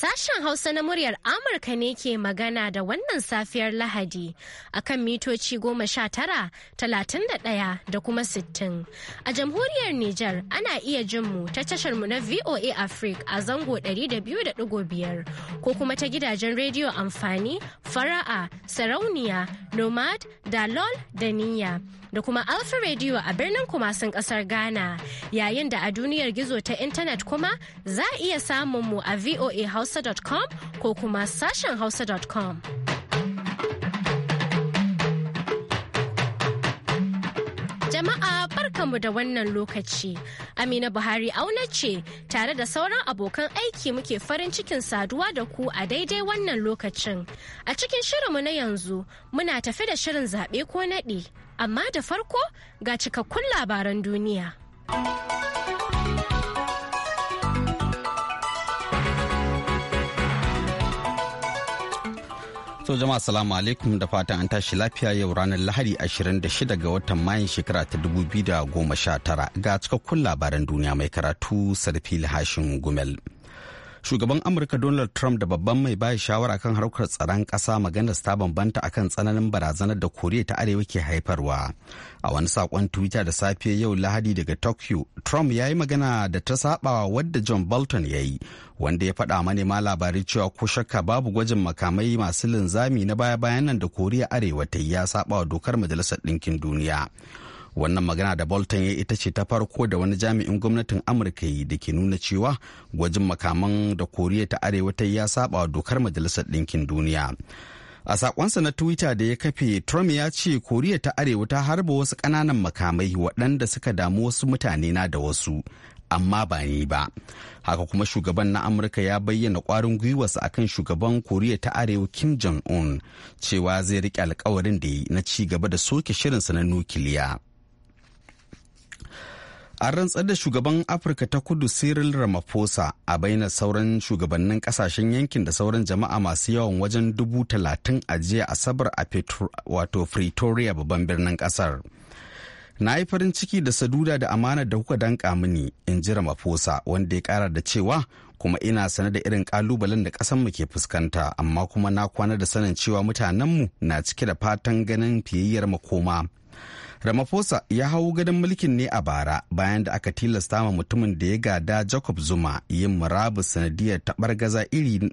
Sashen Hausa na muryar Amurka ne ke magana da wannan safiyar Lahadi a kan mitoci goma sha tara, talatin da ɗaya da kuma sittin. A jamhuriyar Nijar ana iya jin mu ta tashar mu na VOA Africa a zango da da biyu biyar ko kuma ta gidajen rediyo amfani, fara'a, sarauniya, nomad, dalol da niyya. Da kuma Alfa rediyo a birnin kumasin kasar Ghana yayin da a duniyar gizo ta intanet kuma za a iya samun mu a VOA Hausa hausa.com ko kuma sashen hausa.com. Jama'a barkanmu da wannan lokaci. Amina Buhari auna ce tare da sauran abokan aiki muke farin cikin saduwa da ku a daidai wannan lokacin. A cikin shirinmu na yanzu muna tafi da shirin zaɓe ko naɗi, amma da farko ga cikakkun labaran duniya. To jama'a salamu alaikum da fatan an tashi lafiya yau ranar Lahadi 26 ga watan Mayan shekara ta 2019 ga cikakkun labaran duniya mai karatu Sarfil Hashim Gumel. shugaban amurka donald trump da babban mai baya shawara kan harkar tsaron ƙasa maganar ta bambanta akan tsananin barazanar da koriya ta arewa ke haifarwa a wani sakon twitter da safe yau lahadi daga tokyo trump ya yi magana da ta saba wadda john bolton ya yi wanda ya faɗa manema labarai cewa ko shakka babu gwajin makamai masu linzami na baya-bayan nan da koriya arewa ta yi ya saba wa dokar majalisar ɗinkin duniya wannan magana da bolton ya ita ce ta farko da wani jami'in gwamnatin amurka yi da ke nuna cewa gwajin makaman da koriya ta arewa ta ya saba dokar majalisar ɗinkin duniya a sakonsa na twitter da ya kafe trump ya ce koriya ta arewa ta harba wasu ƙananan makamai waɗanda suka damu wasu mutane na da wasu amma ba ni ba haka kuma shugaban na amurka ya bayyana kwarin gwiwarsa akan shugaban koriya ta arewa kim jong un cewa zai rike alkawarin da yi na ci gaba da soke shirinsa na nukiliya An rantsar da shugaban Afirka ta kudu Cyril Ramaphosa a baina sauran shugabannin kasashen yankin da sauran jama'a masu yawan wajen dubu talatin a jiya Asabar a wato Pretoria babban birnin kasar. Na yi farin ciki da saduda da amana da kuka danka mini in ji Ramaphosa wanda ya kara da cewa kuma ina sane da irin kalubalen da ƙasanmu ke fuskanta amma kuma na kwana da sanin cewa mutanenmu na cike da fatan ganin fiyayyar makoma Ramaphosa ya hau gadon mulkin ne a bara bayan da aka tilasta ma mutumin da ya gada Jacob Zuma yin murabus sanadiyar tabar gaza iri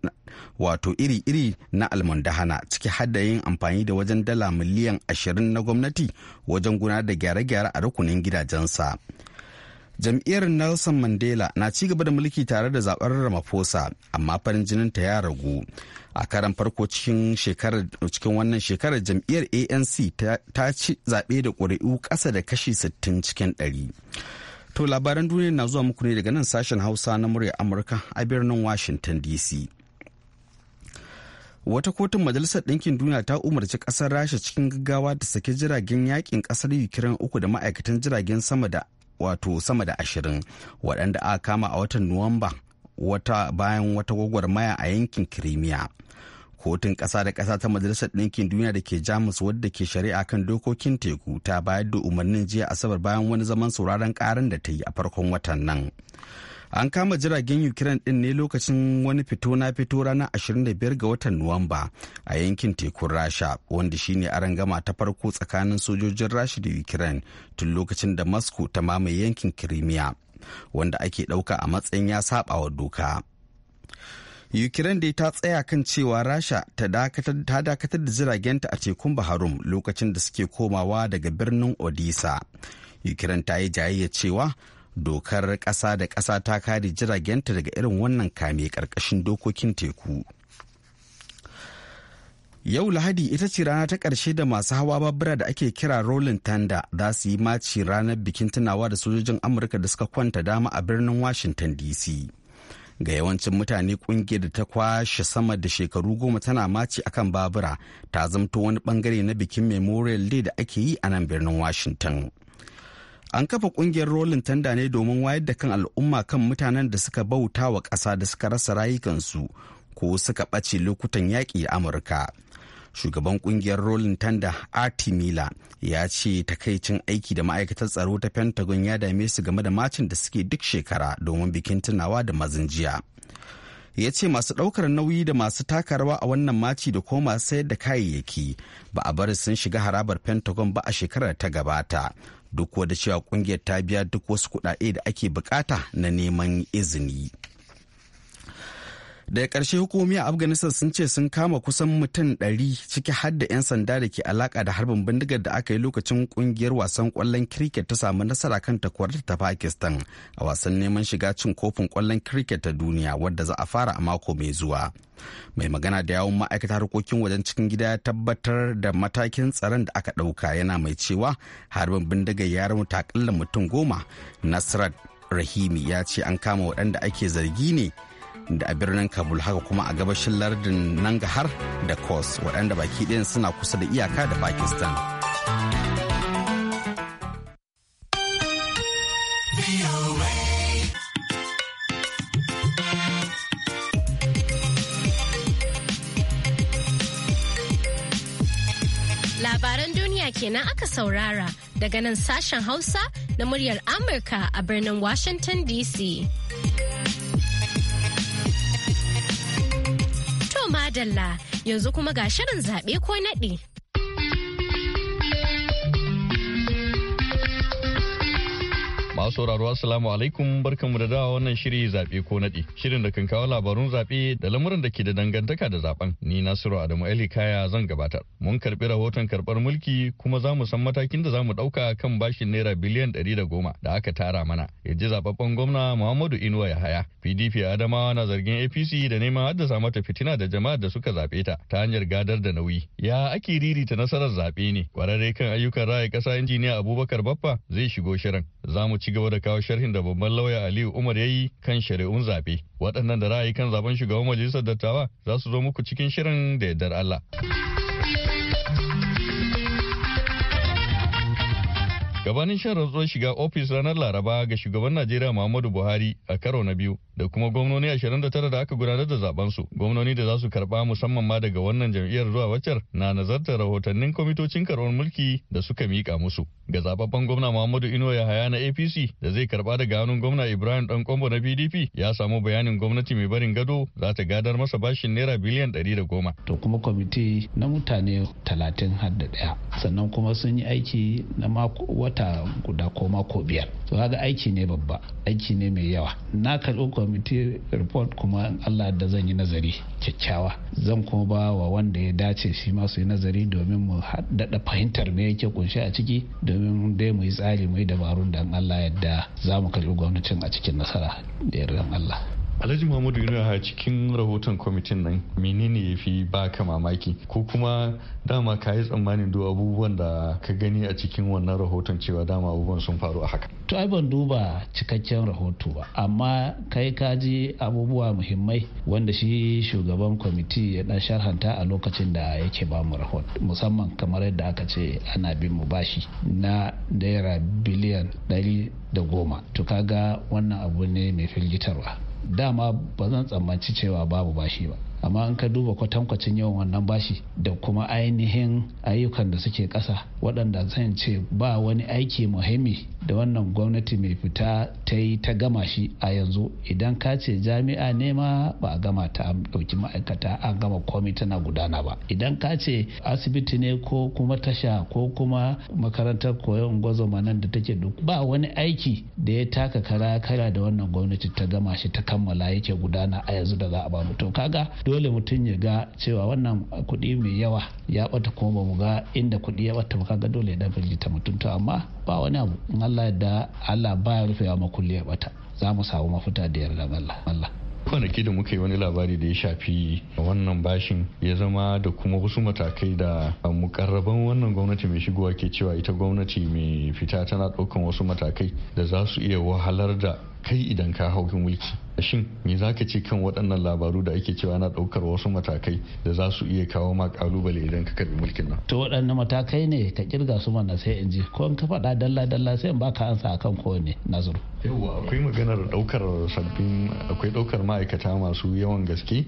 wato iri-iri na almundahana ciki hada yin amfani da wajen dala miliyan 20 na gwamnati wajen gudanar da gyare-gyare a rukunin gidajensa. jam'iyyar nelson mandela na ci gaba da mulki tare da zaɓar ramaphosa amma farin jinin ta ya ragu a karan farko cikin cikin wannan shekarar jam'iyyar anc ta ci zaɓe da ƙuri'u ƙasa da kashi 60 cikin 100 to labaran duniya na zuwa muku ne daga nan sashen hausa na murya amurka a birnin washington dc wata kotun majalisar ɗinkin duniya ta umarci ƙasar rasha cikin gaggawa ta saki jiragen yakin ƙasar ukraine uku da ma'aikatan jiragen sama da wato sama da ashirin waɗanda aka kama a watan nuwamba wata bayan wata gwagwarmaya a yankin kirimiya kotun ƙasa da ƙasa ta majalisar ɗinkin duniya da ke jamus wadda ke shari'a kan dokokin teku ta bayar da umarnin jiya asabar bayan wani zaman sauraron ƙarin da ta yi a farkon watan nan an kama jiragen ukraine ɗin ne lokacin wani fito na fito ranar 25 ga watan nuwamba a yankin tekun rasha wanda shine arangama ta farko tsakanin sojojin rasha da ukraine tun lokacin da moscow ta mamaye yankin crimea wanda ake ɗauka a matsayin ya saba doka Ukraine dai ta tsaya kan cewa Rasha ta dakatar da jiragenta a tekun Baharum lokacin da suke komawa daga birnin Odisa. Ukraine ta yi jayayya cewa dokar ƙasa da ƙasa ta kare jiragenta daga irin wannan kame ƙarƙashin dokokin teku yau lahadi ita ce rana ta ƙarshe da masu hawa babura da ake kira rolling thunder za su yi maci ranar bikin tunawa da sojojin amurka da suka kwanta dama a birnin washington dc ga yawancin mutane kungiyar da ta kwashe sama da shekaru goma tana maci akan babura ta zamto wani bangare na bikin memorial day da ake yi a nan birnin washington an kafa kungiyar rolin tanda ne domin wayar da kan al'umma kan mutanen da suka bauta wa ƙasa da suka rasa rayukansu ko suka ɓace lokutan yaƙi a amurka shugaban kungiyar rolin tanda arti mila ya ce takaicin aiki da ma'aikatar tsaro ta pentagon ya dame su game da macin da suke duk shekara domin bikin tunawa da mazin ya ce masu ɗaukar nauyi da masu taka rawa a wannan maci da kuma masu sayar da kayayyaki ba a bari sun shiga harabar pentagon ba a shekarar ta gabata duk da cewa kungiyar ta biya duk wasu kudade da ake bukata na neman izini. daga karshe hukumomi a afghanistan sun ce sun kama kusan mutum 100 ciki har da 'yan sanda da ke alaka da harbin bindigar da aka yi lokacin kungiyar wasan kwallon cricket ta samu nasara kan takwar ta pakistan a wasan neman shiga cin kofin kwallon cricket ta duniya wadda za a fara a mako mai zuwa mai magana da yawon ma'aikata harkokin wajen cikin gida ya tabbatar da matakin tsaron da aka ɗauka yana mai cewa harbin bindigar ya ta akalla mutum goma nasrat rahimi ya ce an kama waɗanda ake zargi ne da a birnin kabul haka kuma a gabashin lardin nangahar da kos waɗanda baki ɗayan suna kusa da iyaka da pakistan labaran duniya kenan aka saurara daga nan sashen hausa na muryar amurka a birnin washington dc madalla yanzu kuma ga shirin zaɓe ko naɗi. Masu sauraro assalamu alaikum barkanmu da dawa wannan shiri zaɓe ko naɗi. Shirin da kan kawo labarun zaɓe da lamuran da ke da dangantaka da zaben. Ni Nasiru Adamu Ali Kaya zan gabatar. Mun karɓi rahoton karɓar mulki kuma za mu san matakin da za mu ɗauka kan bashin naira biliyan ɗari da goma da aka tara mana. yaji ji gwamna Muhammadu Inuwa Yahaya. PDP Adamawa na zargin APC da neman haddasa mata fitina da jama'a da suka zaɓe ta ta hanyar gadar da nauyi. Ya ake ririta nasarar zaɓe ne. Kwararre kan ayyukan raya kasa injiniya Abubakar Baffa zai shigo shirin. Za mu ci gaba da kawo sharhin da babban lauya Aliyu Umar ya yi kan shari'un zaɓe. Waɗannan da ra'ayi kan zaben shugaban majalisar dattawa za su zo muku cikin shirin da yardar Allah. Gabanin shan rantsuwar shiga ofis ranar Laraba ga shugaban Najeriya Muhammadu Buhari a karo na biyu da kuma gwamnoni 29 da aka gudanar da zaben su gwamnoni da za su karba musamman ma daga wannan jam'iyyar zuwa waccar na nazartar rahotannin kwamitocin karbar mulki da suka mika musu ga zababben gwamna Muhammadu ya Yahaya na APC da zai karba daga hannun gwamna Ibrahim Dan Kombo na PDP ya samu bayanin gwamnati mai barin gado za ta gadar masa bashin naira biliyan 110 to kuma kwamiti na mutane 30 har da daya sannan kuma sun yi aiki na wata guda ko mako biyar to kaga aiki ne babba aiki ne mai yawa na karɓi committee report kuma allah da zan yi nazari kyakkyawa zan kuma ba wa wanda ya dace shi ma su yi nazari domin mu haddada fahimtar me yake kunshi a ciki domin dai mu yi tsari mu yi dabarun da allah yadda za mu karbi gwamnatin a cikin nasara da yardan allah alhaji muhammadu yunus cikin rahoton kwamitin nan menene ya fi baka mamaki ko kuma dama ka yi tsammanin duk abubuwan da ka gani a cikin wannan rahoton cewa dama abubuwan sun faru a haka to ai ban duba cikakken rahoto ba amma kai ka ji abubuwa muhimmai wanda shi shugaban kwamiti ya dan sharhanta a lokacin da yake ba mu rahoto musamman kamar yadda aka ce ana bin mu bashi na naira biliyan ɗari da goma to kaga wannan abu ne mai firgitarwa dama ba zan tsammanci cewa babu bashi ba amma an ka duba kwatankwacin yawan wannan bashi da kuma ainihin ayyukan da suke ƙasa waɗanda zan ce ba wani aiki muhimmi da wannan gwamnati mai fita ta yi ta gama shi a yanzu idan ka ce jami'a ne ma ba a gama ta ɗauki ma'aikata an gama komai tana gudana ba idan ka ce asibiti ne ko kuma tasha ko kuma makarantar koyon ma nan da take duk ba wani aiki da ya taka kara kara da wannan gwamnati ta gama shi ta kammala yake gudana a yanzu da za a ba mutum kaga dole mutum ya ga cewa wannan kuɗi mai yawa ya bata kuma ba mu ga inda kuɗi ya bata ka ga dole ya dafa ta mutum to amma ba wani abu in Allah da Allah ba ya wa makulli ya bata za mu samu mafita da yarda Allah Allah kwanaki da muka yi wani labari da ya shafi wannan bashin ya zama da kuma wasu matakai da mukarraban wannan gwamnati mai shigowa ke cewa ita gwamnati mai fita tana ɗaukan wasu matakai da za su iya wahalar da kai idan ka hau kan mulki shin me za ka ce kan waɗannan labaru da ake cewa na ɗaukar wasu matakai da za su iya kawo ma kalubale idan ka karbi mulkin nan to waɗannan matakai ne ka kirga su mana sai in ji ko in ka faɗa dalla dalla sai in baka ansa akan kowane nazaru yawwa akwai maganar ɗaukar sabbin akwai ɗaukar ma'aikata masu yawan gaske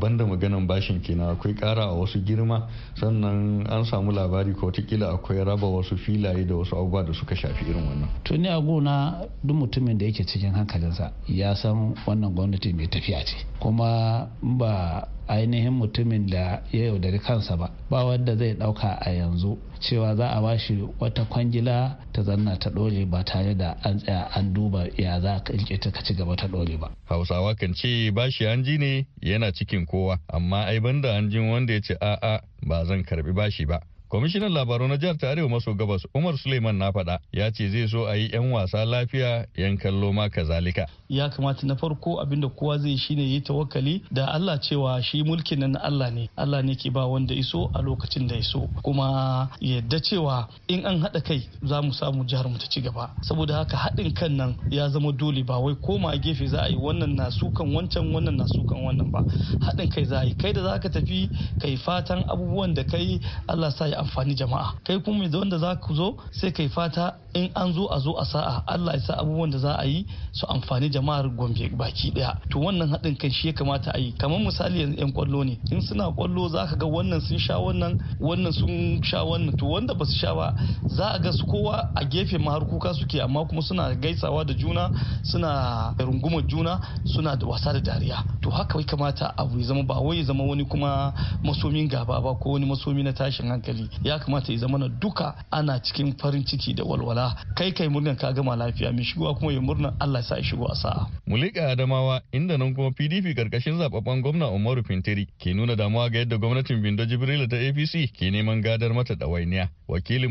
banda maganar bashin kenan akwai ƙara a wasu girma sannan an samu labari ko watakila akwai raba wasu filaye da wasu abubuwa da suka shafi irin wannan tuni a gona duk mutumin da yake yake cikin hankalinsa ya san wannan gwamnati mai tafiya ce kuma ba ainihin mutumin da ya yaudari kansa ba ba wanda zai dauka a yanzu cewa za a bashi wata kwangila ta zanna ta dole ba tare da an tsaya an duba ya za ka ta ci gaba ta dole ba hausawa kan ce bashi an ji ne yana cikin kowa amma ai banda an jin wanda ya ce a'a ba zan karbi bashi ba Kwamishinan labaru na jihar Arewa maso gabas Umar Suleiman na faɗa ya ce zai so a yi 'yan wasa lafiya 'yan kallo ma kazalika. Ya kamata na farko abinda kowa zai shi ne yi tawakkali da Allah cewa shi mulkin nan Allah ne. Allah ne ke ba wanda iso a lokacin da iso. Kuma yadda cewa in an haɗa kai za mu samu jihar mu ta ci gaba. Saboda haka haɗin kan nan ya zama dole ba wai koma gefe za a yi wannan na sukan wancan wannan na sukan wannan ba. Haɗin kai za a yi kai da za ka tafi kai fatan abubuwan da kai Allah sa ya amfani jama'a kai kuma da wanda za ku zo sai kai fata in an zo a zo a sa'a Allah ya sa abubuwan da za a yi su amfani jama'ar Gombe baki daya to wannan haɗin kan shi ya kamata a yi kamar misali yanzu yan kwallo ne in suna kwallo za ka ga wannan sun sha wannan wannan sun sha wannan to wanda ba su sha ba za a ga su kowa a gefe ma har kuka suke amma kuma suna gaisawa da juna suna rungumar juna suna da wasa da dariya to haka ya kamata abu ya zama ba wai ya zama wani kuma masomin gaba ba ko wani masomi na tashin hankali ya kamata ya zama na duka ana cikin farin ciki da walwala kai kai murnar ka gama lafiya mai shigowa kuma ya murnan Allah sa shi shigo a sa'a. Mulika Adamawa inda nan kuma PDP karkashin zababban gwamna Umaru Fintiri ke nuna damuwa ga yadda gwamnatin Bindo jibril ta APC ke neman gadar mata ɗawainiya.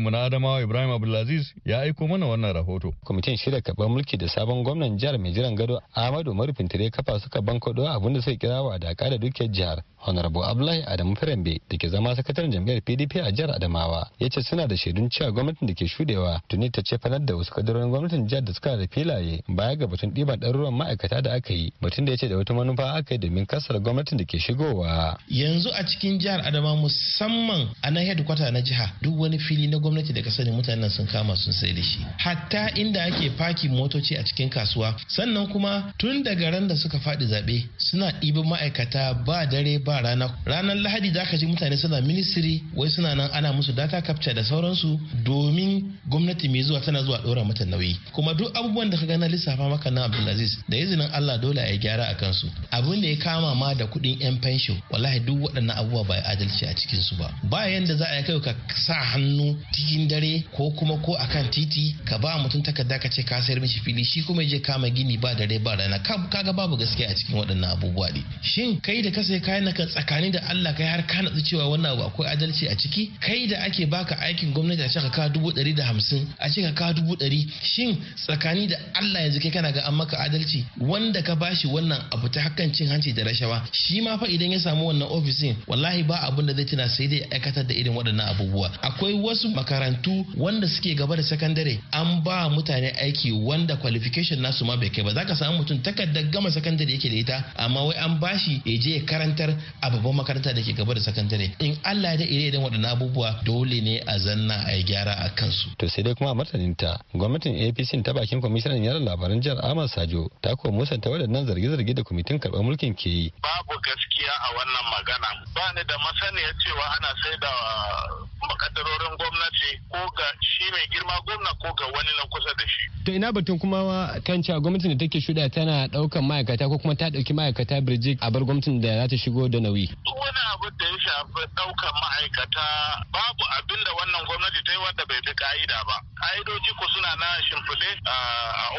mu na Adamawa Ibrahim Abdulaziz ya aiko mana wannan rahoto. Kwamitin shirya karɓar mulki da sabon gwamnan jihar mai jiran gado Ahmadu Umaru Fintiri kafa suka bankwado abinda suka kira wa da dukiyar jihar. Honorable Abdullahi Adamu Firambe da ke zama sakataren jam'iyyar PDP a jihar adamawa ya ce suna da shaidun cewa gwamnatin da ke shudewa tuni ta ce fanar da wasu kadarorin gwamnatin jihar da suka da filaye baya ga batun ɗiban ɗaruruwan ma'aikata da aka yi batun da ya ce da wata manufa aka yi domin kasar gwamnatin da ke shigowa. yanzu a cikin jihar adama musamman a nan headquarter na jiha duk wani fili na gwamnati da ka sani mutanen sun kama sun sai da shi hatta inda ake faki motoci a cikin kasuwa sannan kuma tun daga ran da suka faɗi zaɓe suna ɗiban ma'aikata ba dare ba rana ranar lahadi za ka ji mutane suna ministry wai suna nan ana musu data capture da sauransu domin gwamnati mai zuwa tana zuwa ɗora mata nauyi kuma duk abubuwan da ka gana lissafa maka na abdulaziz da izinin allah dole a gyara a kansu abin da ya kama ma da kuɗin yan fensho wallahi duk waɗannan abubuwa ba adalci a cikinsu ba ba yanda za a yi kai ka sa hannu cikin dare ko kuma ko akan titi ka ba mutum takarda ka ce ka sayar mishi fili shi kuma je kama gini ba dare ba rana kaga babu gaskiya a cikin waɗannan abubuwa ne shin kai da ka sai kayan ka tsakani da allah kai har ka natsu cewa wannan abu akwai adalci a ciki kai da ake baka aikin gwamnati a cika ka dubu ɗari da hamsin a cika ka dubu ɗari shin tsakani da Allah yanzu kai kana ga an maka adalci wanda ka bashi wannan abu ta hakan cin hanci da rashawa shi ma fa idan ya samu wannan ofisin wallahi ba abin da zai tuna sai dai aikatar da irin waɗannan abubuwa akwai wasu makarantu wanda suke gaba da sakandare an ba mutane aiki wanda qualification nasu ma bai kai ba zaka samu mutum takardar gama sakandare yake da ita amma wai an bashi ya je ya karantar a babban makaranta da ke gaba da sakandare in Allah ya da ire idan waɗannan abubuwa abubuwa dole ne a zanna a yi gyara a kansu. To sai dai kuma a martanin ta gwamnatin APC ta bakin kwamishinan yara labaran jihar Ahmad Sajo ta ko musanta waɗannan zarge-zarge da kwamitin karɓar mulkin ke yi. Babu gaskiya a wannan magana. Ba ni da masaniya cewa ana sai da gwamnati ko ga shi mai girma gwamna ko ga wani na kusa da shi. To ina batun kuma kan cewa gwamnatin da take shuɗa tana ɗaukan ma'aikata ko kuma ta ɗauki ma'aikata birjik a bar gwamnatin da za ta shigo da nauyi. Duk wani abu da ya shafi ɗaukan ma'aikata babu abin da wannan gwamnati ta yi wanda bai bi ka'ida ba ka'idoci ku suna na shimfide. a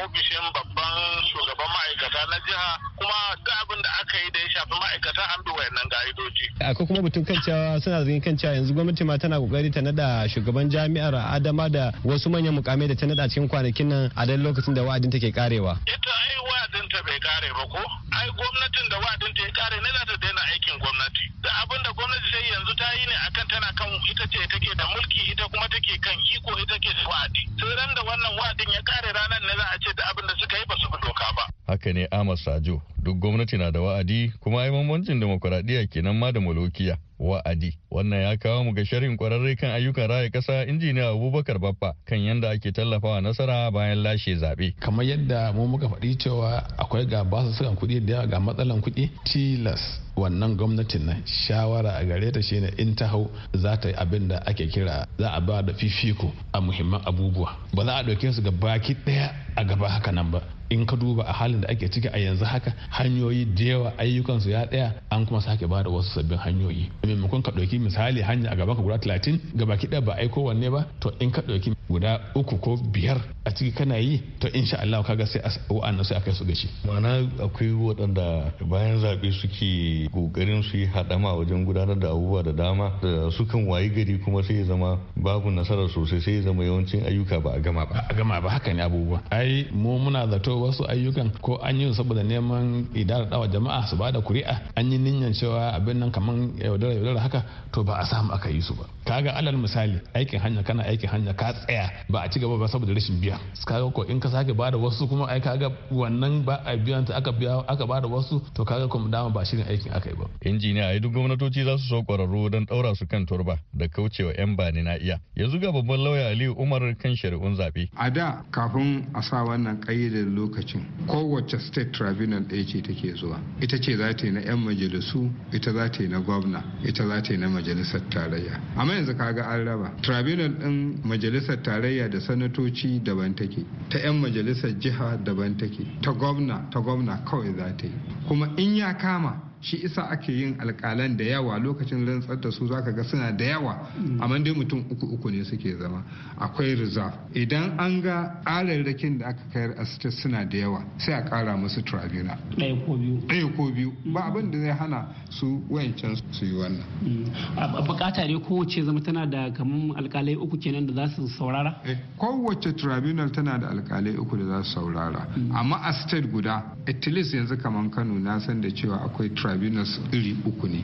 ofishin babban shugaban ma'aikata na jiha kuma duk abin da aka yi da ya shafi ma'aikata an bi wayannan ka'idoci akwai kuma mutum kan cewa suna zargin kan cewa yanzu gwamnati ma tana kokari ta nada shugaban jami'ar adama da wasu manyan mukamai da ta nada cikin kwanakin nan a dan lokacin da wa'adin take karewa ita ai wa'adin bai kare ba ko ai gwamnatin da wa'adin ta ya kare ne za ta daina aikin gwamnati da abin da gwamnati sai yanzu ta yi ne akan tana kan ita ce take da mulki ita kuma take kan iko ita ke da wa'adi sai ran da wannan wa'adin ya kare ranar ne za a ce da abin da suka yi ba su bi doka ba haka ne amasajo duk gwamnati na da wa'adi kuma ai bambancin demokuraɗiyya kenan ma da malokiya wa'adi. Wannan ya kawo mu ga sharhin kwararre kan ayyukan raya kasa injiniya Abubakar Baffa kan yadda ake tallafawa nasara bayan lashe zaɓe. Kamar yadda mu muka faɗi cewa akwai ga basu sukan kuɗi da yawa ga matsalan kuɗi tilas wannan gwamnatin na shawara a gare ta shine in ta hau za ta yi abin da ake kira za a ba da fifiko a muhimman abubuwa ba za a ɗauke su ga baki ɗaya a gaba haka nan ba in ka duba a halin da ake ciki a yanzu haka hanyoyi da yawa ayyukansu ya ɗaya an kuma sake ba da wasu sabbin hanyoyi maimakon ka ɗauki misali hanya a gaban ka guda talatin ga baki ɗaya ba aiko wanne ba to in ka ɗauki guda uku ko biyar a ciki kana yi to insha Allah kaga sai wa'annan sai a kai su gashi ma'ana akwai waɗanda bayan zaɓe suke kokarin su yi haɗama wajen gudanar da abubuwa da dama da sukan wayi gari kuma sai ya zama babu nasara sosai sai ya zama yawancin ayyuka ba a gama ba a gama ba haka ne abubuwa ai mu muna zato wasu ayyukan ko an yi saboda neman idara dawa jama'a su bada kuri'a an yi niyyar cewa abin nan kaman yaudara yaudara haka to ba a samu aka yi su ba ga alal misali aikin hanya kana aikin hanya ka tsaya ba a ci gaba ba saboda rashin biya kaga ko in ka sake bada wasu kuma ai kaga wannan ba a biyan ta aka biya aka bada wasu to kaga kuma dama ba shirin aikin aka yi ba injiniya ai duk gwamnatoci za su so kwararru don daura su kan turba da kaucewa yan bani na iya yanzu ga babban lauya Aliyu Umar kan shari'un zabe a da kafin a sa wannan kayyadar lokacin kowace state tribunal ɗaya ce take zuwa ita ce za ta yi na yan majalisu ita za ta yi na gwamna ita za ta yi na majalisar tarayya amma yanzu kaga an raba tribunal din majalisar tarayya da sanatoci daban take ta 'yan majalisar jiha daban take ta gwamna ta gwamna kawai za ta yi kuma in ya kama shi isa ake yin alƙalan da yawa lokacin rantsar da su zaka ga suna da yawa mm. amma dai mutum uku uku ne suke zama akwai reserve idan an ga ƙararrakin da aka kayar a state suna da yawa sai a ƙara musu tribunal ɗaya ko biyu ɗaya ko biyu ba mm. abin da zai hana su wayancan su yi wannan mm. bukata ne kowace zama tana da kamar alƙalai uku kenan da za su saurara eh, kowace tribunal tana da alƙalai uku da za su saurara amma a state guda at least yanzu kamar Kano na san da cewa akwai tribunal abin iri uku ne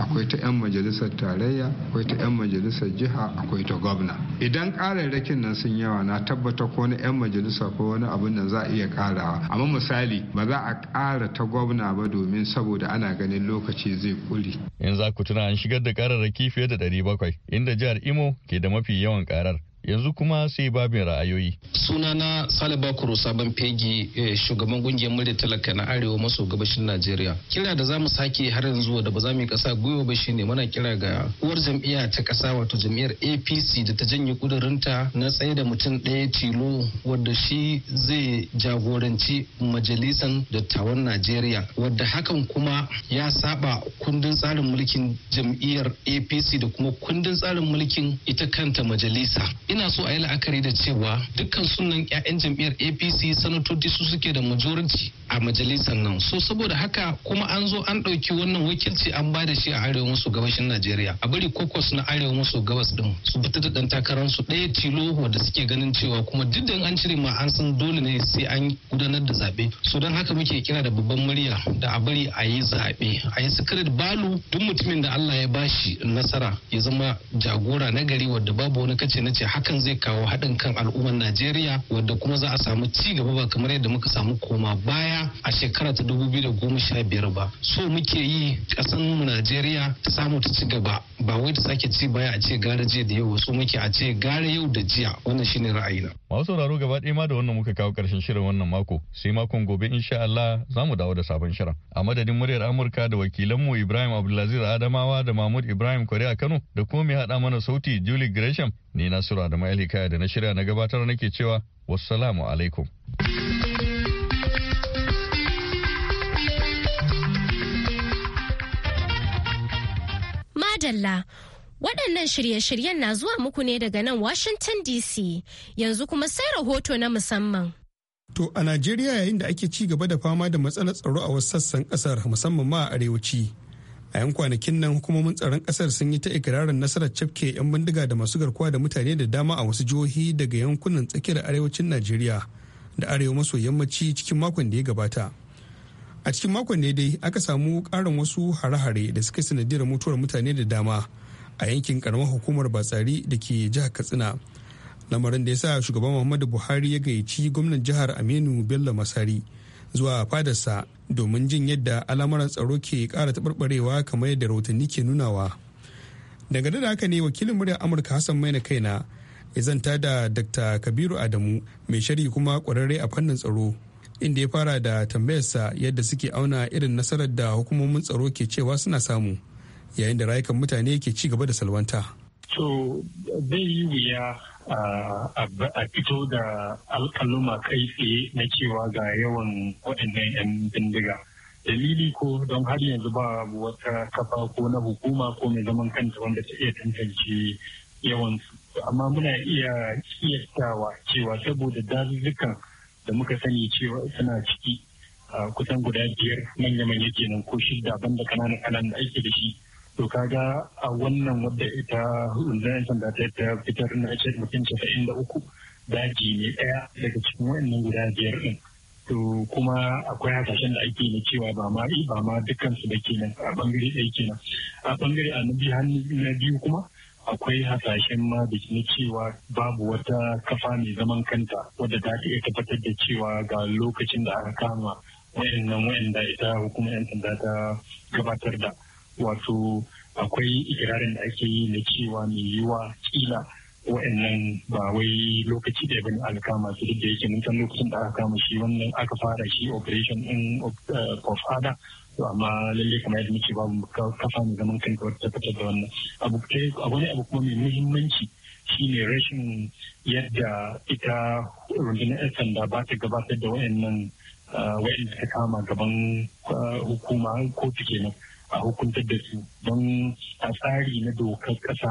akwai ta 'yan majalisar tarayya akwai ta 'yan majalisar jiha akwai ta gwamna idan ƙararrakin nan sun yawa na tabbata ko na 'yan majalisa ko wani abin nan za a iya ƙarawa amma misali ba za a ƙara ta gwamna ba domin saboda ana ganin lokaci zai kuli yanzu ku tuna an shigar da kararraki fiye da 700 inda jihar imo ke da mafi yawan ƙarar yanzu kuma sai babin ra'ayoyi. sunana saliba kuro sabon fegi eh, shugaban kungiyar murya talaka na arewa maso gabashin najeriya kira da zamu sake har yanzu da ba za mu yi kasa gwiwa ba shine muna kira ga uwar jam'iyya ta kasa wato jam'iyyar apc da ta janye kudurinta na tsaye da mutum ɗaya tilo wadda shi zai jagoranci majalisan dattawan najeriya wadda hakan kuma ya saba kundin tsarin mulkin jam'iyyar apc da kuma kundin tsarin mulkin ita kanta majalisa ina so a yi la'akari da cewa dukkan sunan 'ya'yan jam'iyyar apc sanatoci su suke da majority a majalisar nan so saboda haka kuma an zo an ɗauki wannan wakilci an ba da shi a arewa maso gabashin najeriya a bari kokos na arewa maso gabas din su fita da ɗan takarar su ɗaya tilo da suke ganin cewa kuma duk da an cire ma an san dole ne sai an gudanar da zaɓe so don haka muke kira da babban murya da a bari a yi zaɓe a yi sakarar balu duk mutumin da allah ya bashi nasara ya zama jagora na gari wadda babu wani kace na ce hakan zai kawo haɗin kan al'ummar najeriya wadda kuma za a samu ci gaba ba kamar yadda muka samu koma baya a shekara ta dubu da sha biyar ba so muke yi ƙasan mu najeriya ta samu ta ci gaba ba wai ta sake ci baya a ce gara jiya da yau so muke a ce gara yau da jiya wannan shine ra'ayina masu sauraro gaba ɗaya ma da wannan muka kawo ƙarshen shirin wannan mako sai makon gobe insha Allah za mu dawo da sabon shirin a madadin muryar Amurka da wakilanmu Ibrahim Abdulaziz Adamawa da Mahmud Ibrahim Kwari a Kano da kuma mai haɗa mana sauti Julie Gresham ni da Adamu kaya da na shirya na gabatar nake cewa wassalamu alaikum. Madalla Waɗannan shirye-shiryen na zuwa muku ne daga nan Washington DC yanzu kuma sai rahoto na musamman. To a Najeriya yayin da ake ci gaba da fama da matsalar tsaro a wasu sassan ƙasar musamman ma a arewaci. a yan kwanakin nan hukumomin tsaron kasar sun yi ta ikirarin nasarar cafke 'yan bindiga da masu garkuwa da mutane da dama a wasu jihohi daga yankunan tsakiyar arewacin najeriya da arewa maso yammaci cikin makon da ya gabata a cikin makon da ne dai aka samu karin wasu hare-hare da suka sanadiyar mutuwar mutane da dama a yankin karamar hukumar batsari da ke jihar katsina lamarin da ya sa shugaban muhammadu buhari ya gayyaci gwamnan jihar aminu bello masari zuwa fadarsa domin jin yadda al'amuran tsaro ke kara taɓarɓarewa kamar yadda rahotanni ke nunawa dangane da haka ne wakilin muryar amurka hassan na kaina ya zanta da dr kabiru adamu mai shari kuma ƙwararre a fannin tsaro inda ya fara da tambayarsa yadda suke auna irin nasarar da hukumomin tsaro ke cewa suna samu yayin da rayukan mutane ke ci gaba da salwanta so zai yi wuya a fito da alƙaluma kai tsaye na cewa ga yawan waɗannan 'yan bindiga dalili ko don har yanzu ba wata kafa ko na hukuma ko mai zaman kanta wanda ta iya tantance yawansu amma muna iya kiyastawa cewa saboda dazuzzukan da muka sani cewa suna ciki kusan guda biyar manya-manya kenan ko shida banda kananan da ake da shi to kaga a wannan wadda ita rundunar sanda ta ta fitar na ce mutum casa'in da uku daji ne ɗaya daga cikin wannan guda biyar ɗin to kuma akwai hasashen da ake na cewa ba ma ba ma dukkansu da ke nan a bangare ɗaya nan a bangare a na biyu kuma akwai hasashen ma da na cewa babu wata kafa mai zaman kanta wadda ta iya tabbatar da cewa ga lokacin da aka kama wayannan wayanda ita hukumar 'yan sanda ta gabatar da. wato akwai ikirarin da ake yi na cewa mai yiwa kila wa'annan ba wai lokaci da bane aka kama su duk da yake mun san lokacin da aka kama shi wannan aka fara shi operation in eh, of ada to amma lalle kamar yadda muke babu kafa mu zaman kanka wata tabbatar da wannan abu wani abu kuma mai muhimmanci shine rashin yadda ita rundunar 'yan sanda ba ta gabatar da wa'annan eh, wa'anda ta kama gaban eh, hukuma kotu kenan a hukuntar da su don a tsari na dokar kasa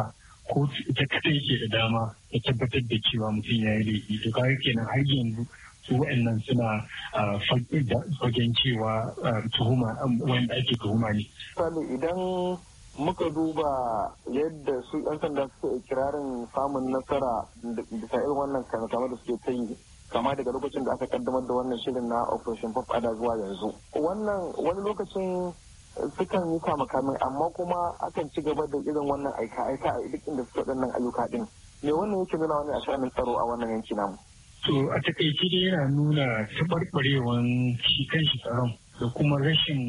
ko ita kadai ke da dama ta tabbatar da cewa mutum ya yi laifi to kawai kenan har yanzu su wa'annan suna fagen cewa tuhuma um, wanda ake tuhuma ne. idan muka duba yadda su 'yan sanda suke ikirarin samun nasara bisa irin wannan kame da suke ta yi kama daga lokacin da aka kaddamar da wannan shirin na operation pop ada zuwa yanzu wannan wani lokacin sukan yi kama amma kuma akan ci gaba da irin wannan aika aika a duk da suke waɗannan ayyuka ɗin me wannan yake nuna wani a tsaro a wannan yanki namu to a takaici dai yana nuna taɓarɓarewan shi kanshi tsaron da kuma rashin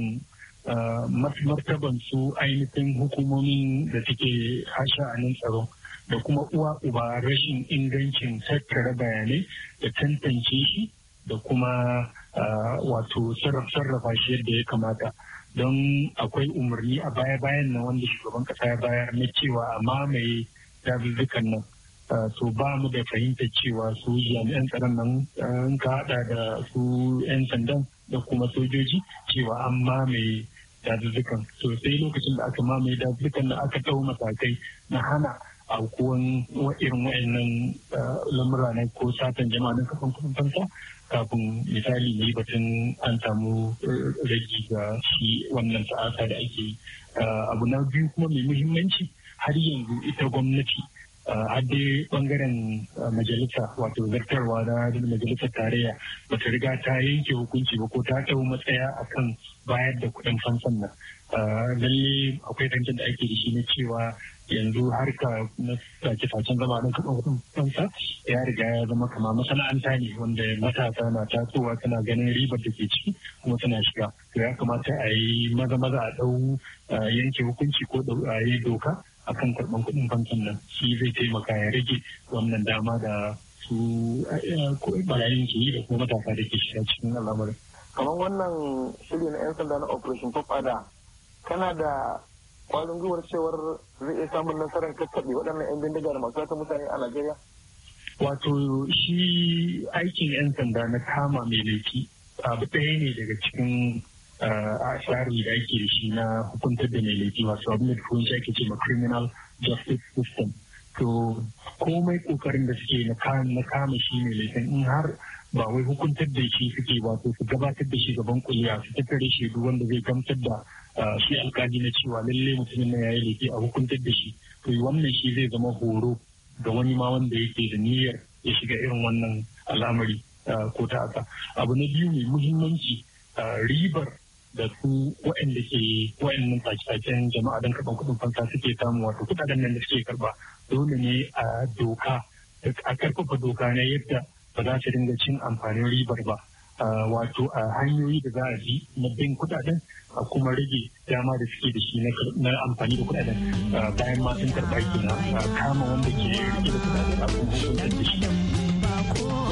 ah, martaban su ainihin hukumomin da suke sha'anin tsaro da kuma uwa uba rashin ingancin tattara bayanai da tantance shi da kuma ah, wato sarrafa shi yadda ya kamata. don akwai umarni a baya-bayan nan wanda shugaban kasa ya bayar na cewa a mamaye dazuzzukan nan To ba mu da fahimtar cewa su jami'an tsaron nan an ka hada da su 'yan sandan da kuma sojoji cewa an mamaye dazuzzukan sosai lokacin da aka mamaye dazuzzukan nan aka ɗau matakai na hana aukuwan irin wa'annan eh, lamura na ko satan jama'a na kafin kudin fansa kafin misali ne batun an samu eh, rage ga shi wannan sa'asa da ake eh, abu na biyu kuma mai muhimmanci har yanzu ita gwamnati A dai bangaren majalisa wato zartarwa na majalisar tarayya bata riga ta yanke hukunci ba ko ta tau matsaya akan bayar da kuɗin fansan nan lalle akwai tantan da ake da shi na cewa yanzu harka na face-facen zama na kaɓa wasu kansa ya riga ya zama kama masana'anta ne wanda matasa na tasowa tana ganin ribar da ke ciki kuma tana shiga to ya kamata a yi maza-maza a ɗau yanke hukunci ko a yi doka akan karɓan kuɗin fansan nan shi zai taimaka ya rage wannan dama da su ɓarayin ke yi da kuma matasa da ke shiga cikin al'amarin. kamar wannan shirin na 'yan sanda na operation pop ada kana da kwarin gwiwar cewar zai iya samun nasarar kakkaɓe waɗannan 'yan bindiga da masu mutane a Najeriya? Wato shi aikin 'yan sanda na kama mai laifi abu ɗaya ne daga cikin ah, a tsari da ake da shi na hukuntar da mai laifi wasu abin da turanci ake ce ma criminal justice system to komai kokarin da suke na kama shi mai laifin in har ba wai hukuntar da shi suke ba su gabatar da shi gaban kuliya su tattare shaidu wanda zai gamsar da ah, shi alkali na cewa lalle mutumin na yayi laifi a hukuntar da shi to wannan shi zai zama horo ga wani ma wanda yake da niyyar ya shiga irin wannan al'amari ah, ko ta aka abu na biyu mai muhimmanci ah, ribar da su waɗanda ke waɗannan tace-tacen jama'a don karɓar kuɗin fansa suke samu wato kuɗaɗen nan da suke karɓa dole ne a doka a karfafa doka na yadda ba za ta dinga cin amfanin ribar ba wato a hanyoyi da za a bi na bin kudaden a kuma rage dama da suke da shi na amfani da kudaden bayan ma sun karɓa kina kama wanda ke rike da kudaden a kuma hukuntar da shi.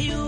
you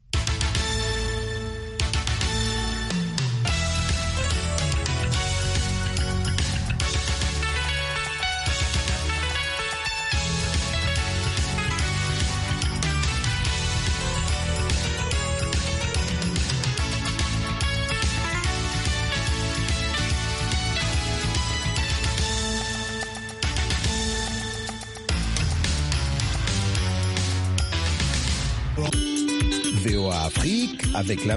Afrique avec la